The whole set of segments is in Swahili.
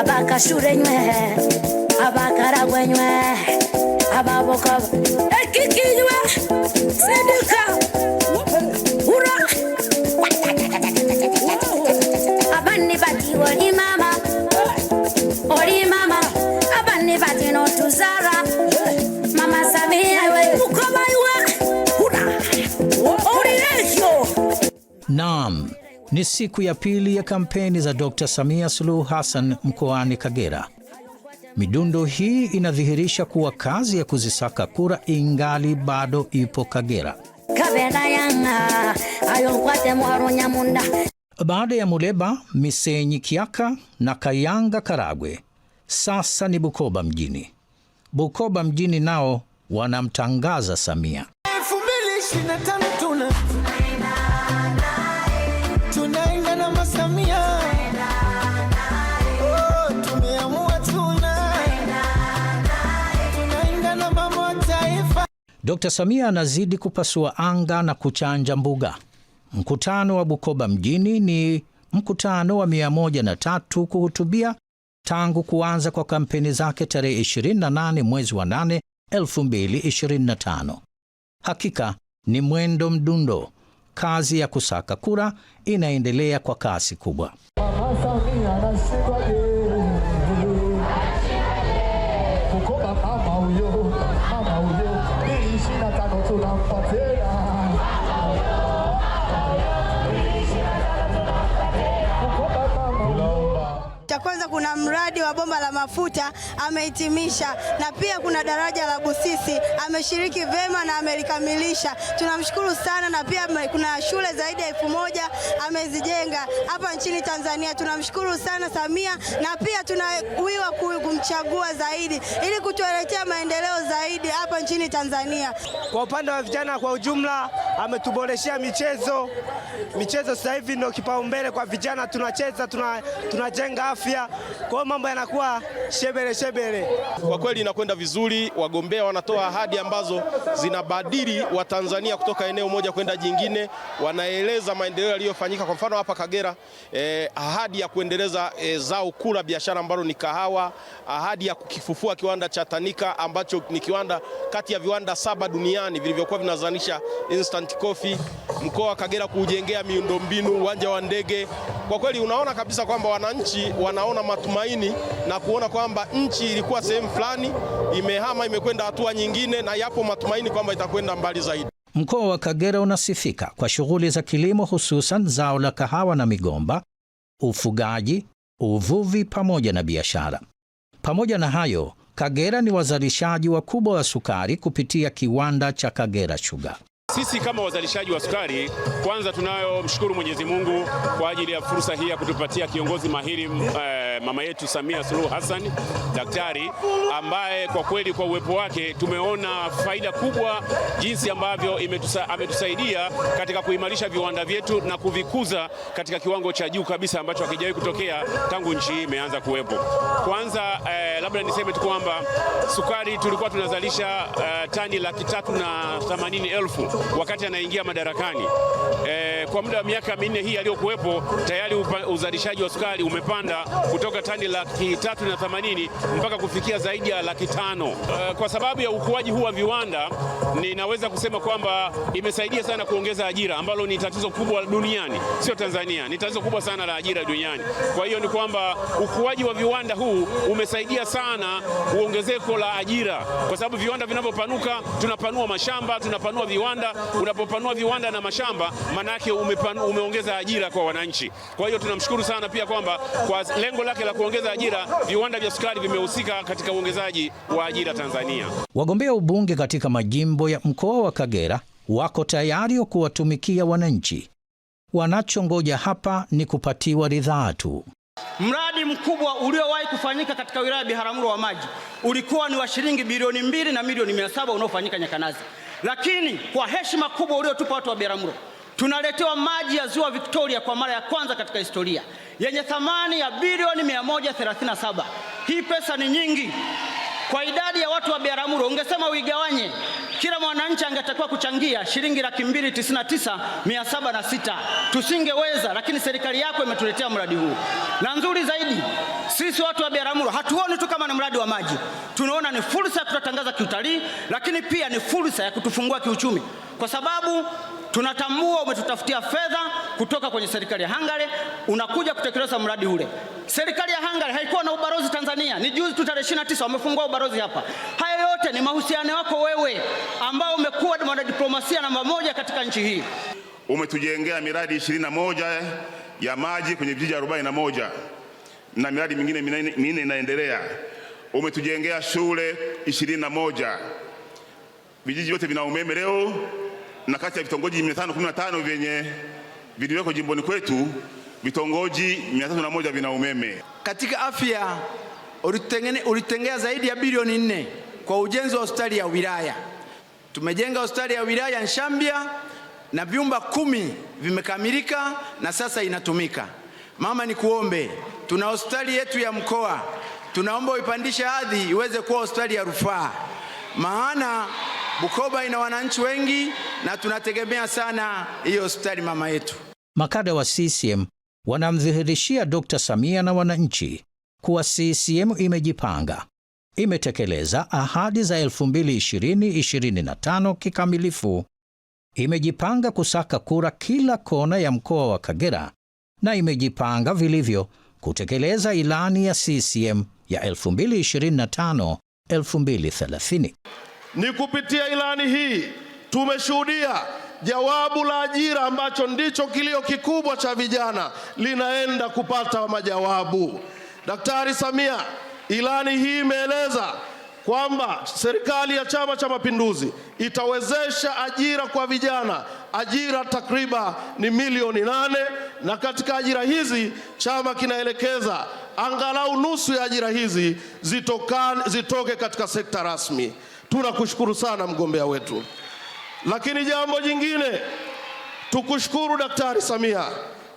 abakashurenywe abakaragwenywe ababokoba ekikinywe sindika ura abani batiwonima Ni siku ya pili ya kampeni za Dr. Samia Suluhu Hassan mkoani Kagera. Midundo hii inadhihirisha kuwa kazi ya kuzisaka kura ingali bado ipo Kagera. Baada ya Muleba, Misenyi Kiaka na Kayanga Karagwe, sasa ni Bukoba mjini. Bukoba mjini nao wanamtangaza Samia 2025. Dkt. Samia anazidi kupasua anga na kuchanja mbuga. Mkutano wa Bukoba mjini ni mkutano wa 103 kuhutubia tangu kuanza kwa kampeni zake tarehe 28 mwezi wa 8 2025. Hakika ni mwendo mdundo. Kazi ya kusaka kura inaendelea kwa kasi kubwa. kwanza kuna mradi wa bomba la mafuta amehitimisha, na pia kuna daraja la Busisi ameshiriki vema na amelikamilisha, tunamshukuru sana. Na pia kuna shule zaidi ya elfu moja amezijenga hapa nchini Tanzania, tunamshukuru sana Samia, na pia tunawiwa kumchagua zaidi ili kutueletea maendeleo zaidi hapa nchini Tanzania. Kwa upande wa vijana kwa ujumla, ametuboreshea michezo. Michezo sasa hivi ndio kipaumbele kwa vijana, tunacheza tunajenga tuna afya kukimbia. Kwa hiyo mambo yanakuwa shebele shebele. Kwa kweli inakwenda vizuri, wagombea wanatoa ahadi ambazo zinabadili Watanzania kutoka eneo moja kwenda jingine, wanaeleza maendeleo yaliyofanyika. Kwa mfano hapa Kagera eh, ahadi ya kuendeleza eh, zao kula biashara ambalo ni kahawa, ahadi ya kukifufua kiwanda cha Tanika ambacho ni kiwanda kati ya viwanda saba duniani vilivyokuwa vinazalisha instant coffee, mkoa wa Kagera kuujengea miundombinu, uwanja wa ndege. Kwa kweli unaona kabisa kwamba wananchi wana wanaona matumaini na kuona kwamba nchi ilikuwa sehemu fulani imehama imekwenda hatua nyingine, na yapo matumaini kwamba itakwenda mbali zaidi. Mkoa wa Kagera unasifika kwa shughuli za kilimo, hususan zao la kahawa na migomba, ufugaji, uvuvi pamoja na biashara. Pamoja na hayo, Kagera ni wazalishaji wakubwa wa sukari kupitia kiwanda cha Kagera Sugar. Sisi kama wazalishaji wa sukari kwanza tunayomshukuru Mwenyezi Mungu kwa ajili ya fursa hii ya kutupatia kiongozi mahiri eh, mama yetu Samia Suluhu Hassan daktari, ambaye kwa kweli kwa uwepo wake tumeona faida kubwa jinsi ambavyo imetusa, ametusaidia katika kuimarisha viwanda vyetu na kuvikuza katika kiwango cha juu kabisa ambacho hakijawahi kutokea tangu nchi hii imeanza kuwepo. Kwanza eh, labda niseme tu kwamba sukari tulikuwa tunazalisha eh, tani laki tatu na themanini elfu wakati anaingia madarakani. E, kwa muda wa miaka minne hii aliyokuwepo tayari uzalishaji wa sukari umepanda kutoka tani laki tatu na themanini mpaka kufikia zaidi ya laki tano. E, kwa sababu ya ukuaji huu wa viwanda ninaweza kusema kwamba imesaidia sana kuongeza ajira, ambalo ni tatizo kubwa duniani, sio Tanzania, ni tatizo kubwa sana la ajira duniani. Kwa hiyo ni kwamba ukuaji wa viwanda huu umesaidia sana uongezeko la ajira, kwa sababu viwanda vinavyopanuka, tunapanua mashamba, tunapanua viwanda. Unapopanua viwanda na mashamba, manake umeongeza ajira kwa wananchi. Kwa hiyo tunamshukuru sana pia kwamba kwa lengo lake la kuongeza ajira, viwanda vya sukari vimehusika katika uongezaji wa ajira Tanzania. Wagombea ubunge katika majimbo mambo ya mkoa wa Kagera wako tayari kuwatumikia wananchi. Wanachongoja hapa ni kupatiwa ridhaa tu. Mradi mkubwa uliowahi kufanyika katika wilaya ya Biharamulo wa maji ulikuwa ni wa shilingi bilioni mbili na milioni mia saba unaofanyika Nyakanazi, lakini kwa heshima kubwa uliotupa watu wa Biharamulo tunaletewa maji ya ziwa Victoria kwa mara ya kwanza katika historia yenye thamani ya bilioni 137. Hii pesa ni nyingi. Kwa idadi ya watu wa biaramuro ungesema uigawanye, kila mwananchi angetakiwa kuchangia shilingi laki mbili tisini na tisa mia saba na sita. Tusingeweza, lakini serikali yako imetuletea mradi huu, na nzuri zaidi, sisi watu wa biaramuro hatuoni tu kama ni mradi wa maji, tunaona ni fursa ya kutatangaza kiutalii, lakini pia ni fursa ya kutufungua kiuchumi kwa sababu tunatambua umetutafutia fedha kutoka kwenye serikali ya Hungary, unakuja kutekeleza mradi ule. Serikali ya Hungary haikuwa na ubalozi Tanzania, ni juzi tu tarehe 29 wamefungua ubalozi hapa. Hayo yote ni mahusiano yako wewe, ambao umekuwa mwanadiplomasia namba moja katika nchi hii. Umetujengea miradi 21 ya maji kwenye vijiji 41 na miradi mingine minne inaendelea. Umetujengea shule 21, vijiji vyote vina umeme leo na kati ya vitongoji 515 vyenye vilivyoko jimboni kwetu vitongoji 301 vina umeme. Katika afya ulitengea zaidi ya bilioni nne kwa ujenzi wa hospitali ya wilaya. Tumejenga hospitali ya wilaya Nshambya na vyumba kumi vimekamilika na sasa inatumika. Mama, ni kuombe, tuna hospitali yetu ya mkoa, tunaomba uipandishe hadhi iweze kuwa hospitali ya rufaa maana Bukoba ina wananchi wengi na tunategemea sana hiyo hospitali mama yetu. Makada wa CCM wanamdhihirishia Dkt. Samia na wananchi kuwa CCM imejipanga, imetekeleza ahadi za 2020-2025 kikamilifu, imejipanga kusaka kura kila kona ya mkoa wa Kagera na imejipanga vilivyo kutekeleza ilani ya CCM ya 2025-2030. Ni kupitia ilani hii tumeshuhudia jawabu la ajira ambacho ndicho kilio kikubwa cha vijana linaenda kupata majawabu. Daktari Samia, ilani hii imeeleza kwamba serikali ya Chama cha Mapinduzi itawezesha ajira kwa vijana, ajira takriban ni milioni nane, na katika ajira hizi chama kinaelekeza angalau nusu ya ajira hizi zitoka, zitoke katika sekta rasmi. Tunakushukuru sana mgombea wetu. Lakini jambo jingine, tukushukuru Daktari Samia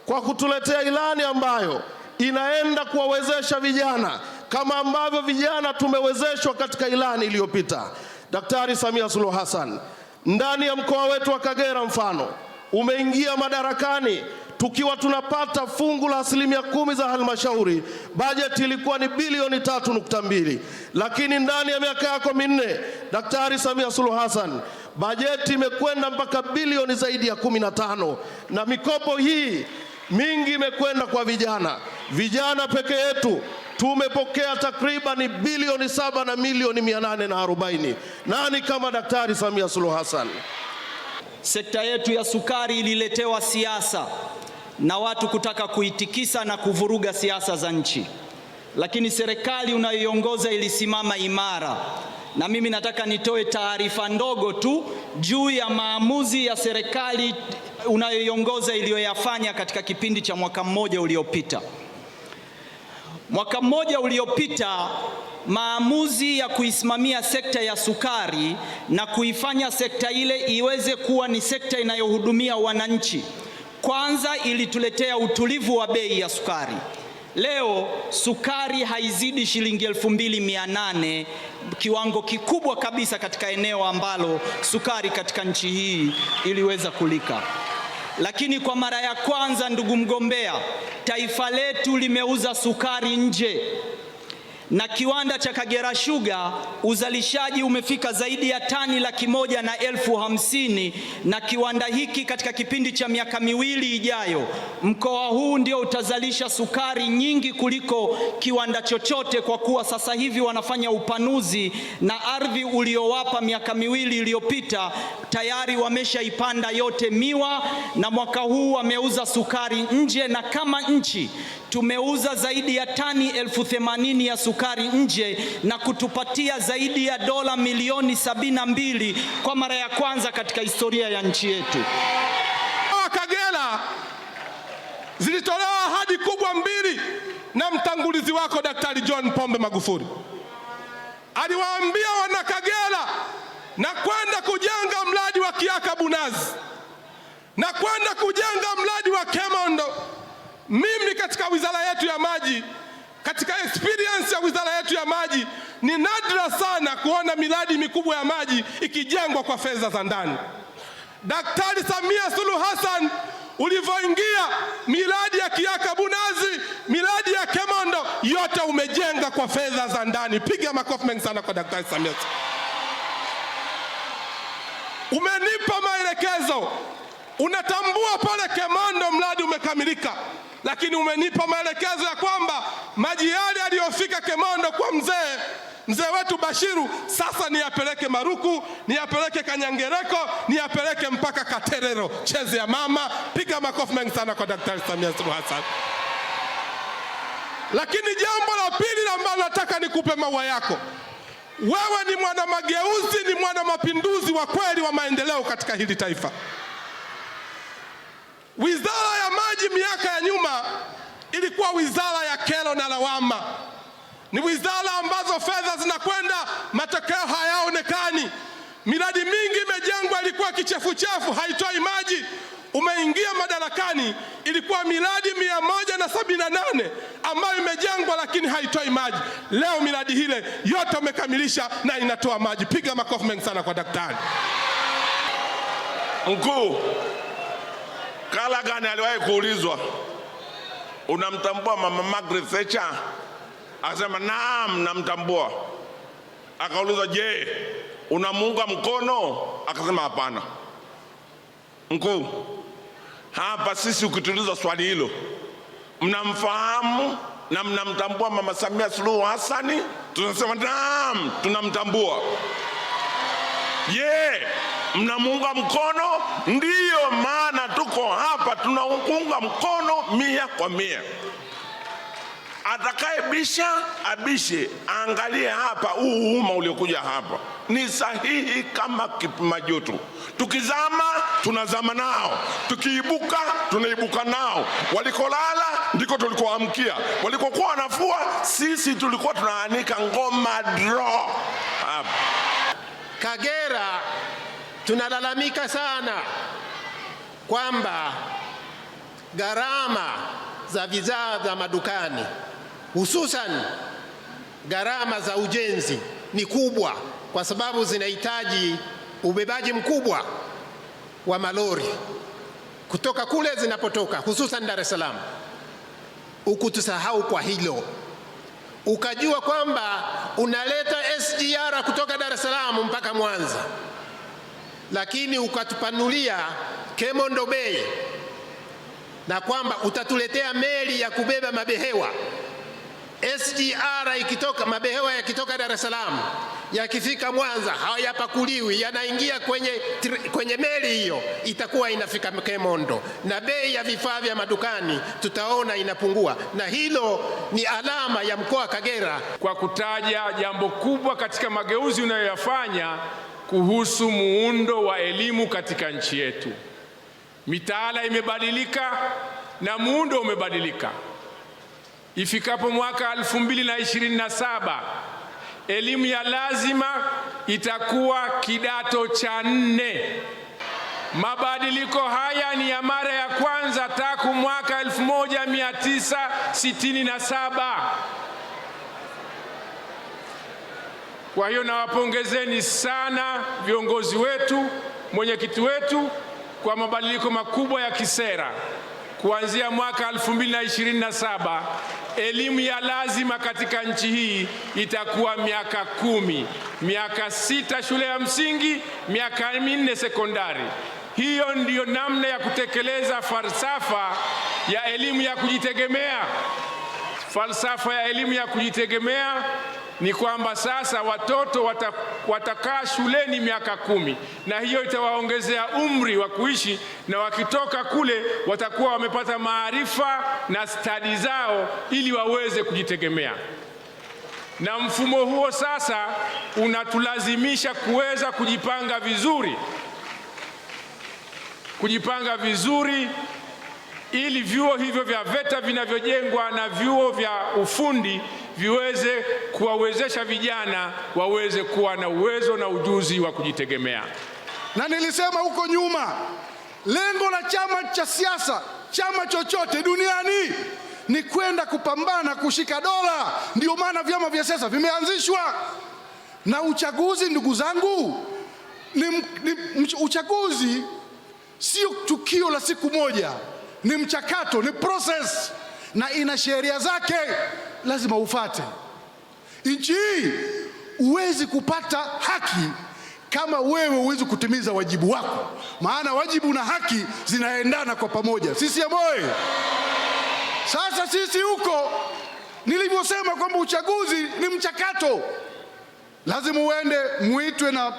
kwa kutuletea ilani ambayo inaenda kuwawezesha vijana kama ambavyo vijana tumewezeshwa katika ilani iliyopita. Daktari Samia Suluhu Hassan, ndani ya mkoa wetu wa Kagera mfano umeingia madarakani tukiwa tunapata fungu la asilimia kumi za halmashauri, bajeti ilikuwa ni bilioni tatu nukta mbili lakini ndani ya miaka yako minne Daktari Samia Suluhu Hassan bajeti imekwenda mpaka bilioni zaidi ya kumi na tano na mikopo hii mingi imekwenda kwa vijana. Vijana peke yetu tumepokea takribani bilioni saba na milioni mia nane na arobaini. Nani kama Daktari Samia Suluhu Hassan? Sekta yetu ya sukari ililetewa siasa na watu kutaka kuitikisa na kuvuruga siasa za nchi, lakini serikali unayoiongoza ilisimama imara. Na mimi nataka nitoe taarifa ndogo tu juu ya maamuzi ya serikali unayoiongoza iliyoyafanya katika kipindi cha mwaka mmoja uliopita. Mwaka mmoja uliopita, maamuzi ya kuisimamia sekta ya sukari na kuifanya sekta ile iweze kuwa ni sekta inayohudumia wananchi kwanza ilituletea utulivu wa bei ya sukari. Leo sukari haizidi shilingi elfu mbili mia nane kiwango kikubwa kabisa katika eneo ambalo sukari katika nchi hii iliweza kulika. Lakini kwa mara ya kwanza, ndugu mgombea, taifa letu limeuza sukari nje na kiwanda cha Kagera Sugar uzalishaji umefika zaidi ya tani laki moja na elfu hamsini na kiwanda hiki katika kipindi cha miaka miwili ijayo, mkoa huu ndio utazalisha sukari nyingi kuliko kiwanda chochote, kwa kuwa sasa hivi wanafanya upanuzi na ardhi uliowapa miaka miwili iliyopita tayari wameshaipanda yote miwa, na mwaka huu wameuza sukari nje, na kama nchi tumeuza zaidi ya tani elfu themanini ya sukari nje na kutupatia zaidi ya dola milioni sabini na mbili kwa mara ya kwanza katika historia ya nchi yetu. Kagera zilitolewa ahadi kubwa mbili na mtangulizi wako Daktari John Pombe Magufuli. Aliwaambia wana Kagera na kwenda kujenga mradi wa Kiaka Bunazi na kwenda kujenga mradi wa Kemondo mimi katika wizara yetu ya maji, katika experience ya wizara yetu ya maji, ni nadra sana kuona miradi mikubwa ya maji ikijengwa kwa fedha za ndani. Daktari Samia Suluhu Hassan ulivyoingia, miradi ya Kiaka Bunazi, miradi ya Kemondo yote umejenga kwa fedha za ndani. Piga makofi mengi sana kwa Daktari Samia. Umenipa maelekezo, unatambua pale Kemondo mradi umekamilika lakini umenipa maelekezo ya kwamba maji yale yaliyofika Kemondo kwa mzee mzee wetu Bashiru sasa niyapeleke Maruku, niyapeleke Kanyangereko, niyapeleke mpaka Katerero. Cheze ya mama, piga makofi mengi sana kwa Daktari Samia Suluhu Hassan. Lakini jambo la pili ambalo nataka nikupe maua yako wewe, ni mwana mageuzi, ni mwana mapinduzi wa kweli wa maendeleo katika hili taifa. Wizara ya maji miaka ya nyuma ilikuwa wizara ya kero na lawama. Ni wizara ambazo fedha zinakwenda, matokeo hayaonekani. Miradi mingi imejengwa, ilikuwa kichefuchefu, haitoi maji. Umeingia madarakani, ilikuwa miradi mia moja na sabini na nane ambayo imejengwa lakini haitoi maji. Leo miradi hile yote umekamilisha na inatoa maji. Piga makofi mengi sana kwa daktari mkuu. Callaghan aliwahi kuulizwa, unamtambua mama Margaret Thatcher? Akasema naam, namtambua. Akaulizwa, je, unamuunga mkono? Akasema hapana. Mkuu, hapa sisi ukituliza swali hilo, mnamfahamu na mnamtambua mama Samia Suluhu Hasani? Tunasema naam, tunamtambua. Je, mnamuunga mkono? Ndiyo maana hapo hapa tunaunga mkono mia kwa mia. Atakayebisha abishe, aangalie hapa huu umma uliokuja hapa ni sahihi kama kipima joto. Tukizama tunazama nao, tukiibuka tunaibuka nao. Walikolala ndiko tulikoamkia, walikokuwa wanafua sisi tulikuwa tunaanika ngoma dro hapa. Kagera tunalalamika sana kwamba gharama za bidhaa za madukani hususan gharama za ujenzi ni kubwa, kwa sababu zinahitaji ubebaji mkubwa wa malori kutoka kule zinapotoka, hususan Dar es Salaam. Ukutusahau kwa hilo, ukajua kwamba unaleta SGR kutoka Dar es Salaam mpaka Mwanza lakini ukatupanulia Kemondo Bay na kwamba utatuletea meli ya kubeba mabehewa SGR ikitoka, mabehewa yakitoka Dar es Salaam yakifika Mwanza hayapakuliwi, yanaingia kwenye, kwenye meli hiyo, itakuwa inafika Kemondo na bei ya vifaa vya madukani tutaona inapungua, na hilo ni alama ya mkoa Kagera. Kwa kutaja jambo kubwa katika mageuzi unayoyafanya kuhusu muundo wa elimu katika nchi yetu. Mitaala imebadilika na muundo umebadilika. Ifikapo mwaka 2027 elimu ya lazima itakuwa kidato cha nne. Mabadiliko haya ni ya mara ya kwanza tangu mwaka 1967. Kwa hiyo nawapongezeni sana viongozi wetu, mwenyekiti wetu kwa mabadiliko makubwa ya kisera kuanzia mwaka 2027 elimu ya lazima katika nchi hii itakuwa miaka kumi, miaka sita shule ya msingi, miaka minne sekondari. Hiyo ndiyo namna ya kutekeleza falsafa ya elimu ya kujitegemea, falsafa ya elimu ya kujitegemea ni kwamba sasa watoto watakaa shuleni miaka kumi na hiyo itawaongezea umri wa kuishi, na wakitoka kule watakuwa wamepata maarifa na stadi zao ili waweze kujitegemea. Na mfumo huo sasa unatulazimisha kuweza kujipanga vizuri, kujipanga vizuri ili vyuo hivyo vya VETA vinavyojengwa na vyuo vya ufundi viweze kuwawezesha vijana waweze kuwa na uwezo na ujuzi wa kujitegemea. Na nilisema huko nyuma, lengo la chama cha siasa, chama chochote duniani ni kwenda kupambana kushika dola. Ndio maana vyama vya siasa vimeanzishwa. Na uchaguzi, ndugu zangu, ni, ni, uchaguzi sio tukio la siku moja, ni mchakato, ni process na ina sheria zake lazima ufate. Nchi hii huwezi kupata haki kama wewe huwezi kutimiza wajibu wako, maana wajibu na haki zinaendana kwa pamoja. Sisi amoye. Sasa sisi huko nilivyosema kwamba uchaguzi ni mchakato, lazima uende muitwe na,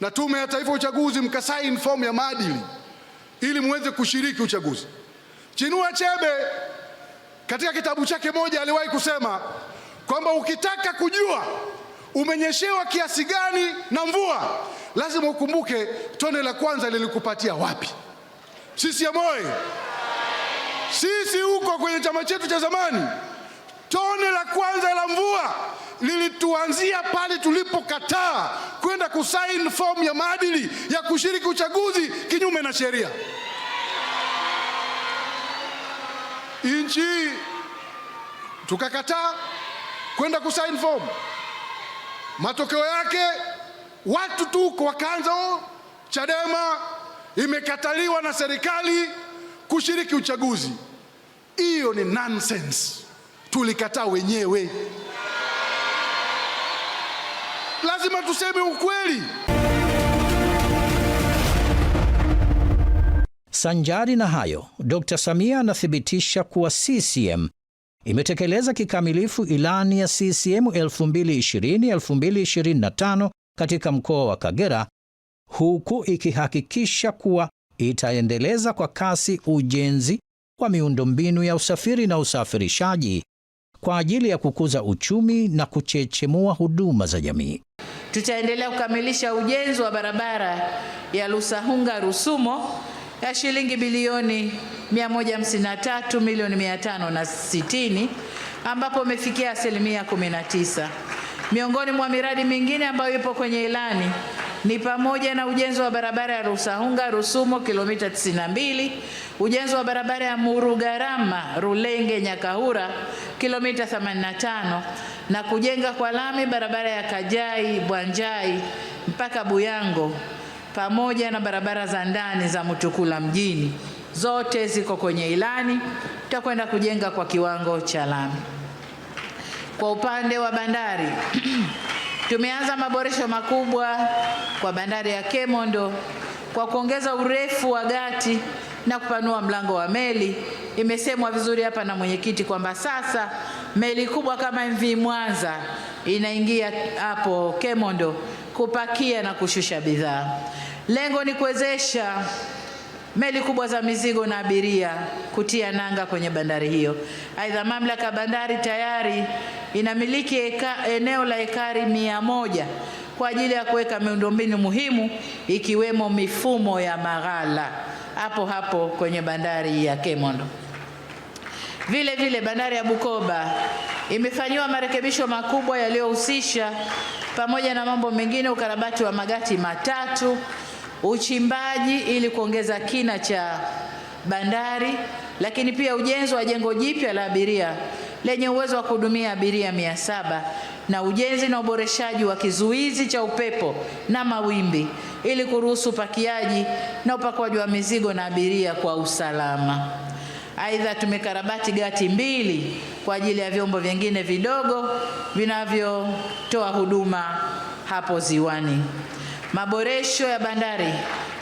na Tume ya Taifa ya Uchaguzi mkasaini fomu ya maadili ili muweze kushiriki uchaguzi. Chinua Achebe katika kitabu chake moja aliwahi kusema kwamba ukitaka kujua umenyeshewa kiasi gani na mvua, lazima ukumbuke tone la kwanza lilikupatia wapi. Sisi amoye, sisi huko kwenye chama chetu cha zamani, tone la kwanza la mvua lilituanzia pale tulipokataa kwenda kusaini fomu ya maadili ya kushiriki uchaguzi kinyume na sheria. nchi, tukakataa kwenda kusign form. Matokeo yake watu tu wakaanza oh, Chadema imekataliwa na serikali kushiriki uchaguzi. Hiyo ni nonsense, tulikataa wenyewe. Lazima tuseme ukweli. Sanjari na hayo, Dr. Samia anathibitisha kuwa CCM imetekeleza kikamilifu ilani ya CCM 2020-2025 katika mkoa wa Kagera huku ikihakikisha kuwa itaendeleza kwa kasi ujenzi wa miundombinu ya usafiri na usafirishaji kwa ajili ya kukuza uchumi na kuchechemua huduma za jamii. Tutaendelea kukamilisha ujenzi wa barabara ya Lusahunga Rusumo ya shilingi bilioni 153 milioni 560 ambapo umefikia asilimia 19. Miongoni mwa miradi mingine ambayo ipo kwenye ilani ni pamoja na ujenzi wa barabara ya Rusahunga Rusumo kilomita 92, ujenzi wa barabara ya Murugarama Rulenge Nyakahura kilomita 85 na kujenga kwa lami barabara ya Kajai Bwanjai mpaka Buyango pamoja na barabara za ndani za Mutukula mjini zote ziko kwenye ilani, tutakwenda kujenga kwa kiwango cha lami. Kwa upande wa bandari tumeanza maboresho makubwa kwa bandari ya Kemondo kwa kuongeza urefu wa gati na kupanua mlango wa meli. Imesemwa vizuri hapa na mwenyekiti kwamba sasa meli kubwa kama MV Mwanza inaingia hapo Kemondo kupakia na kushusha bidhaa. Lengo ni kuwezesha meli kubwa za mizigo na abiria kutia nanga kwenye bandari hiyo. Aidha, mamlaka ya bandari tayari inamiliki eka, eneo la ekari mia moja kwa ajili ya kuweka miundombinu muhimu ikiwemo mifumo ya maghala hapo hapo kwenye bandari ya Kemondo. Vile vile bandari ya Bukoba Imefanyiwa marekebisho makubwa yaliyohusisha pamoja na mambo mengine, ukarabati wa magati matatu, uchimbaji ili kuongeza kina cha bandari, lakini pia ujenzi wa jengo jipya la abiria lenye uwezo wa kuhudumia abiria mia saba na ujenzi na uboreshaji wa kizuizi cha upepo na mawimbi ili kuruhusu upakiaji na upakuaji wa mizigo na abiria kwa usalama. Aidha, tumekarabati gati mbili kwa ajili ya vyombo vingine vidogo vinavyotoa huduma hapo ziwani. Maboresho ya bandari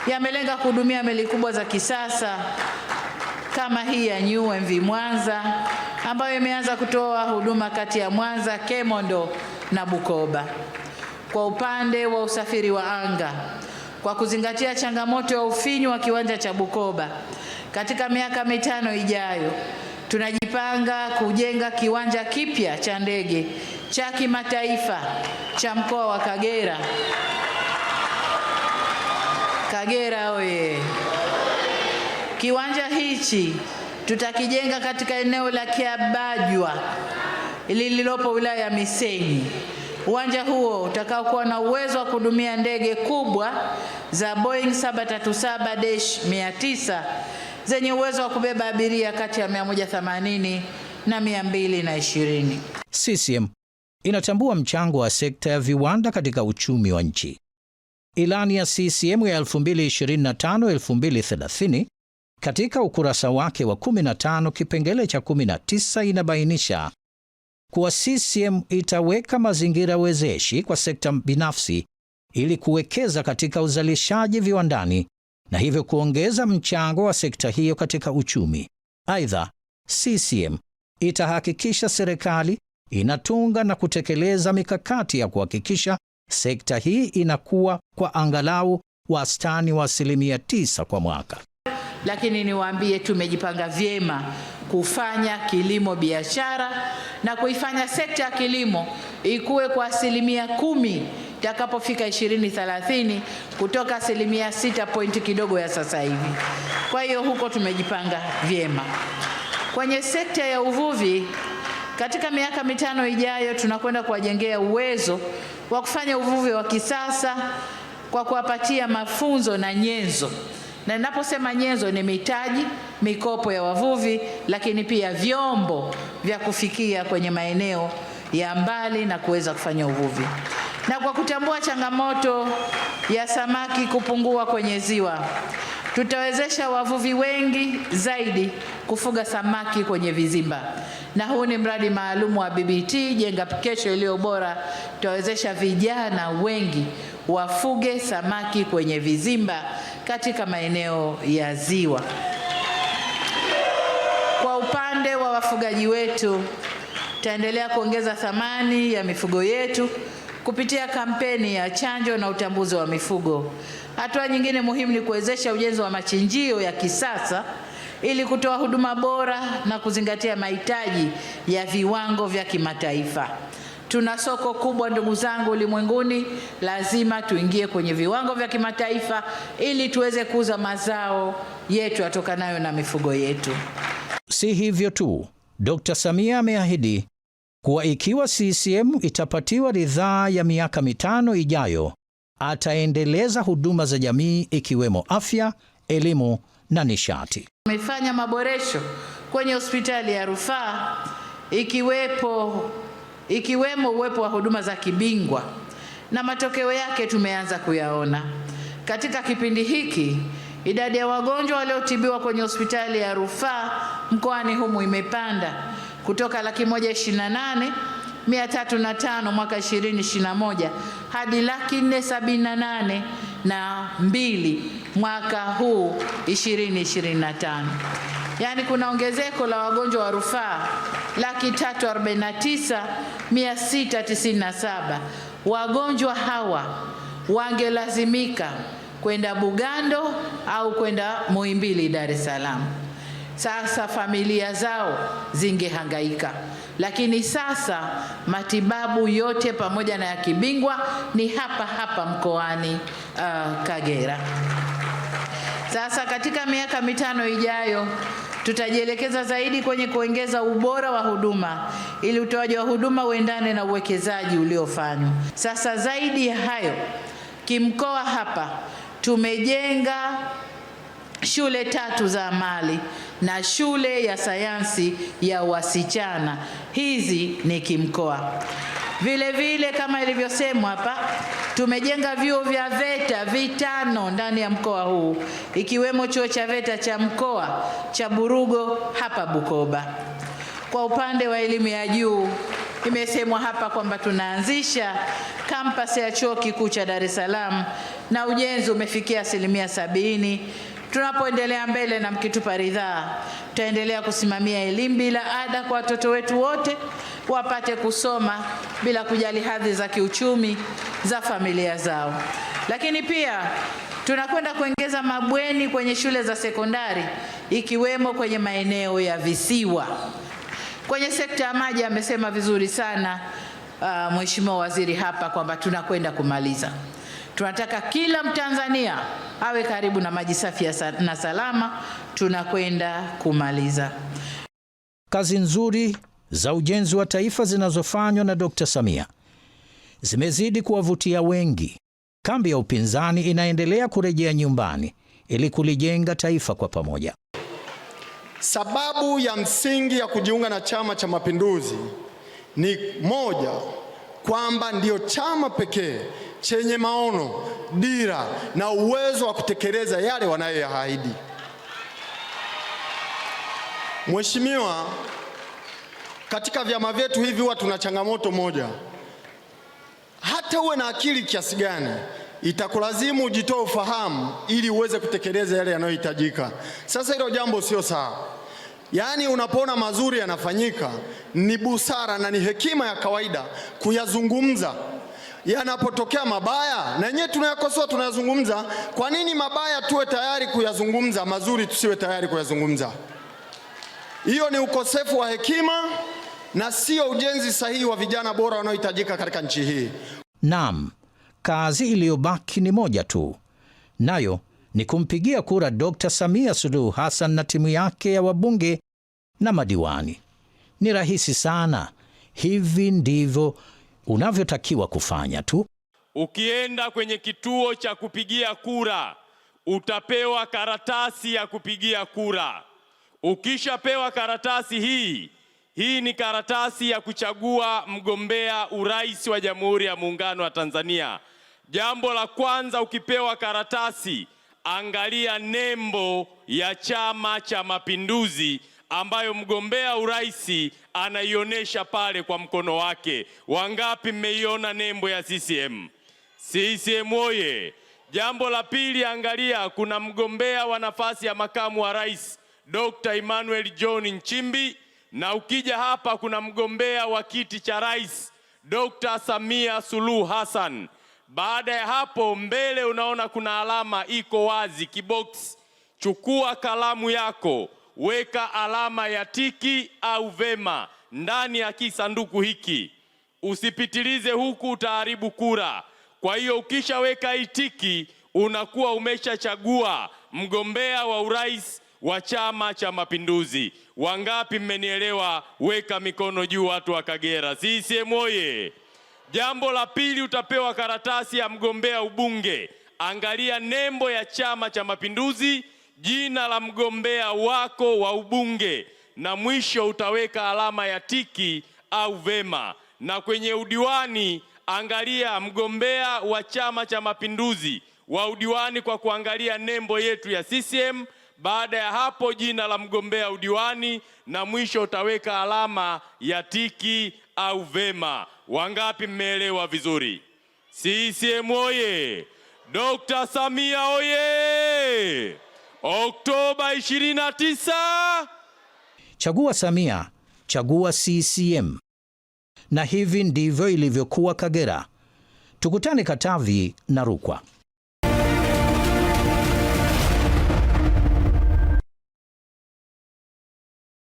yamelenga kuhudumia meli kubwa za kisasa kama hii ya New MV Mwanza ambayo imeanza kutoa huduma kati ya Mwanza, Kemondo na Bukoba. Kwa upande wa usafiri wa anga, kwa kuzingatia changamoto ya ufinyu wa kiwanja cha Bukoba, katika miaka mitano ijayo tunajipanga kujenga kiwanja kipya cha ndege cha kimataifa cha mkoa wa Kagera. Kagera oye! Kiwanja hichi tutakijenga katika eneo la Kiabajwa lililopo wilaya ya Misenyi. Uwanja huo utakaokuwa na uwezo wa kuhudumia ndege kubwa za Boeing 737-900 zenye uwezo wa kubeba abiria kati ya 180 na 220. CCM inatambua mchango wa sekta ya viwanda katika uchumi wa nchi. Ilani ya CCM ya 2025-2030 katika ukurasa wake wa 15 kipengele cha 19 inabainisha kuwa CCM itaweka mazingira wezeshi kwa sekta binafsi ili kuwekeza katika uzalishaji viwandani na hivyo kuongeza mchango wa sekta hiyo katika uchumi. Aidha, CCM itahakikisha serikali inatunga na kutekeleza mikakati ya kuhakikisha sekta hii inakuwa kwa angalau wastani wa asilimia 9 kwa mwaka lakini niwaambie, tumejipanga vyema kufanya kilimo biashara na kuifanya sekta ya kilimo ikuwe kwa asilimia kumi itakapofika ishirini thelathini kutoka asilimia sita pointi kidogo ya sasa hivi. Kwa hiyo huko tumejipanga vyema. Kwenye sekta ya uvuvi, katika miaka mitano ijayo tunakwenda kuwajengea uwezo wa kufanya uvuvi wa kisasa kwa kuwapatia mafunzo na nyenzo na ninaposema nyenzo ni mitaji, mikopo ya wavuvi, lakini pia vyombo vya kufikia kwenye maeneo ya mbali na kuweza kufanya uvuvi. Na kwa kutambua changamoto ya samaki kupungua kwenye ziwa, tutawezesha wavuvi wengi zaidi kufuga samaki kwenye vizimba, na huu ni mradi maalum wa BBT Jenga Kesho Iliyo Bora. Tutawezesha vijana wengi wafuge samaki kwenye vizimba katika maeneo ya ziwa. Kwa upande wa wafugaji wetu, tutaendelea kuongeza thamani ya mifugo yetu kupitia kampeni ya chanjo na utambuzi wa mifugo. Hatua nyingine muhimu ni kuwezesha ujenzi wa machinjio ya kisasa ili kutoa huduma bora na kuzingatia mahitaji ya viwango vya kimataifa. Tuna soko kubwa ndugu zangu ulimwenguni, lazima tuingie kwenye viwango vya kimataifa ili tuweze kuuza mazao yetu yatokanayo na mifugo yetu. Si hivyo tu, Dkt. Samia ameahidi kuwa ikiwa CCM itapatiwa ridhaa ya miaka mitano ijayo, ataendeleza huduma za jamii ikiwemo afya, elimu na nishati. Amefanya maboresho kwenye hospitali ya rufaa ikiwepo ikiwemo uwepo wa huduma za kibingwa na matokeo yake tumeanza kuyaona. Katika kipindi hiki, idadi ya wagonjwa waliotibiwa kwenye hospitali ya rufaa mkoani humu imepanda kutoka laki moja ishirini na nane mia tatu na tano mwaka moja hadi laki nne sabini na nane na mbili mwaka huu tano yaani kuna ongezeko la wagonjwa wa rufaa laki tatu arobaini na tisa mia sita tisini na saba wagonjwa hawa wangelazimika kwenda Bugando au kwenda Muhimbili, Dar es Salaam. Sasa familia zao zingehangaika, lakini sasa matibabu yote pamoja na ya kibingwa ni hapa hapa mkoani uh, Kagera. Sasa katika miaka mitano ijayo Tutajielekeza zaidi kwenye kuongeza ubora wa huduma ili utoaji wa huduma uendane na uwekezaji uliofanywa. Sasa zaidi ya hayo, kimkoa hapa tumejenga shule tatu za amali na shule ya sayansi ya wasichana. Hizi ni kimkoa. Vile vile kama ilivyosemwa hapa Tumejenga vyuo vya VETA vitano ndani ya mkoa huu ikiwemo chuo cha VETA cha mkoa cha Burugo hapa Bukoba. Kwa upande wa elimu ya juu imesemwa hapa kwamba tunaanzisha kampasi ya chuo kikuu cha Dar es Salaam na ujenzi umefikia asilimia sabini. Tunapoendelea mbele na mkitupa ridhaa, tutaendelea kusimamia elimu bila ada kwa watoto wetu wote wapate kusoma bila kujali hadhi za kiuchumi za familia zao. Lakini pia tunakwenda kuongeza mabweni kwenye shule za sekondari ikiwemo kwenye maeneo ya visiwa. Kwenye sekta ya maji amesema vizuri sana uh, Mheshimiwa Waziri hapa kwamba tunakwenda kumaliza Tunataka kila Mtanzania awe karibu na maji safi na salama. Tunakwenda kumaliza kazi nzuri za ujenzi wa taifa zinazofanywa na Dkt. Samia zimezidi kuwavutia wengi. Kambi ya upinzani inaendelea kurejea nyumbani ili kulijenga taifa kwa pamoja. Sababu ya msingi ya kujiunga na Chama cha Mapinduzi ni moja, kwamba ndiyo chama pekee chenye maono, dira na uwezo wa kutekeleza yale wanayoyaahidi. Mheshimiwa, katika vyama vyetu hivi huwa tuna changamoto moja, hata uwe na akili kiasi gani itakulazimu ujitoe ufahamu ili uweze kutekeleza yale yanayohitajika. Sasa hilo jambo sio sawa. Yaani, unapoona mazuri yanafanyika, ni busara na ni hekima ya kawaida kuyazungumza yanapotokea mabaya, na yenyewe tunayakosoa, tunayazungumza. Kwa nini mabaya tuwe tayari kuyazungumza, mazuri tusiwe tayari kuyazungumza? Hiyo ni ukosefu wa hekima na sio ujenzi sahihi wa vijana bora wanaohitajika katika nchi hii. Naam, kazi iliyobaki ni moja tu, nayo ni kumpigia kura Dr. Samia Suluhu Hassan na timu yake ya wabunge na madiwani. Ni rahisi sana, hivi ndivyo unavyotakiwa kufanya tu. Ukienda kwenye kituo cha kupigia kura utapewa karatasi ya kupigia kura. Ukishapewa karatasi hii, hii ni karatasi ya kuchagua mgombea urais wa Jamhuri ya Muungano wa Tanzania. Jambo la kwanza, ukipewa karatasi, angalia nembo ya Chama cha Mapinduzi ambayo mgombea urais anaionyesha pale kwa mkono wake. Wangapi mmeiona nembo ya CCM? CCM oye! Jambo la pili, angalia, kuna mgombea wa nafasi ya makamu wa rais Dr. Emmanuel John Nchimbi, na ukija hapa kuna mgombea wa kiti cha rais Dr. Samia Suluhu Hassan. Baada ya hapo, mbele unaona kuna alama iko wazi kibox, chukua kalamu yako weka alama ya tiki au vema ndani ya kisanduku hiki, usipitilize huku, utaharibu kura. Kwa hiyo ukishaweka hii tiki, unakuwa umeshachagua mgombea wa urais wa Chama cha Mapinduzi. Wangapi mmenielewa? Weka mikono juu, watu wa Kagera. CCM oye! Jambo la pili, utapewa karatasi ya mgombea ubunge. Angalia nembo ya Chama cha Mapinduzi jina la mgombea wako wa ubunge na mwisho utaweka alama ya tiki au vema. Na kwenye udiwani angalia mgombea wa Chama cha Mapinduzi wa udiwani kwa kuangalia nembo yetu ya CCM. Baada ya hapo jina la mgombea udiwani na mwisho utaweka alama ya tiki au vema. Wangapi mmeelewa vizuri? CCM oye! Dr. Samia oye! Oktoba 29. Chagua Samia, chagua CCM. Na hivi ndivyo ilivyokuwa Kagera. Tukutane Katavi na Rukwa.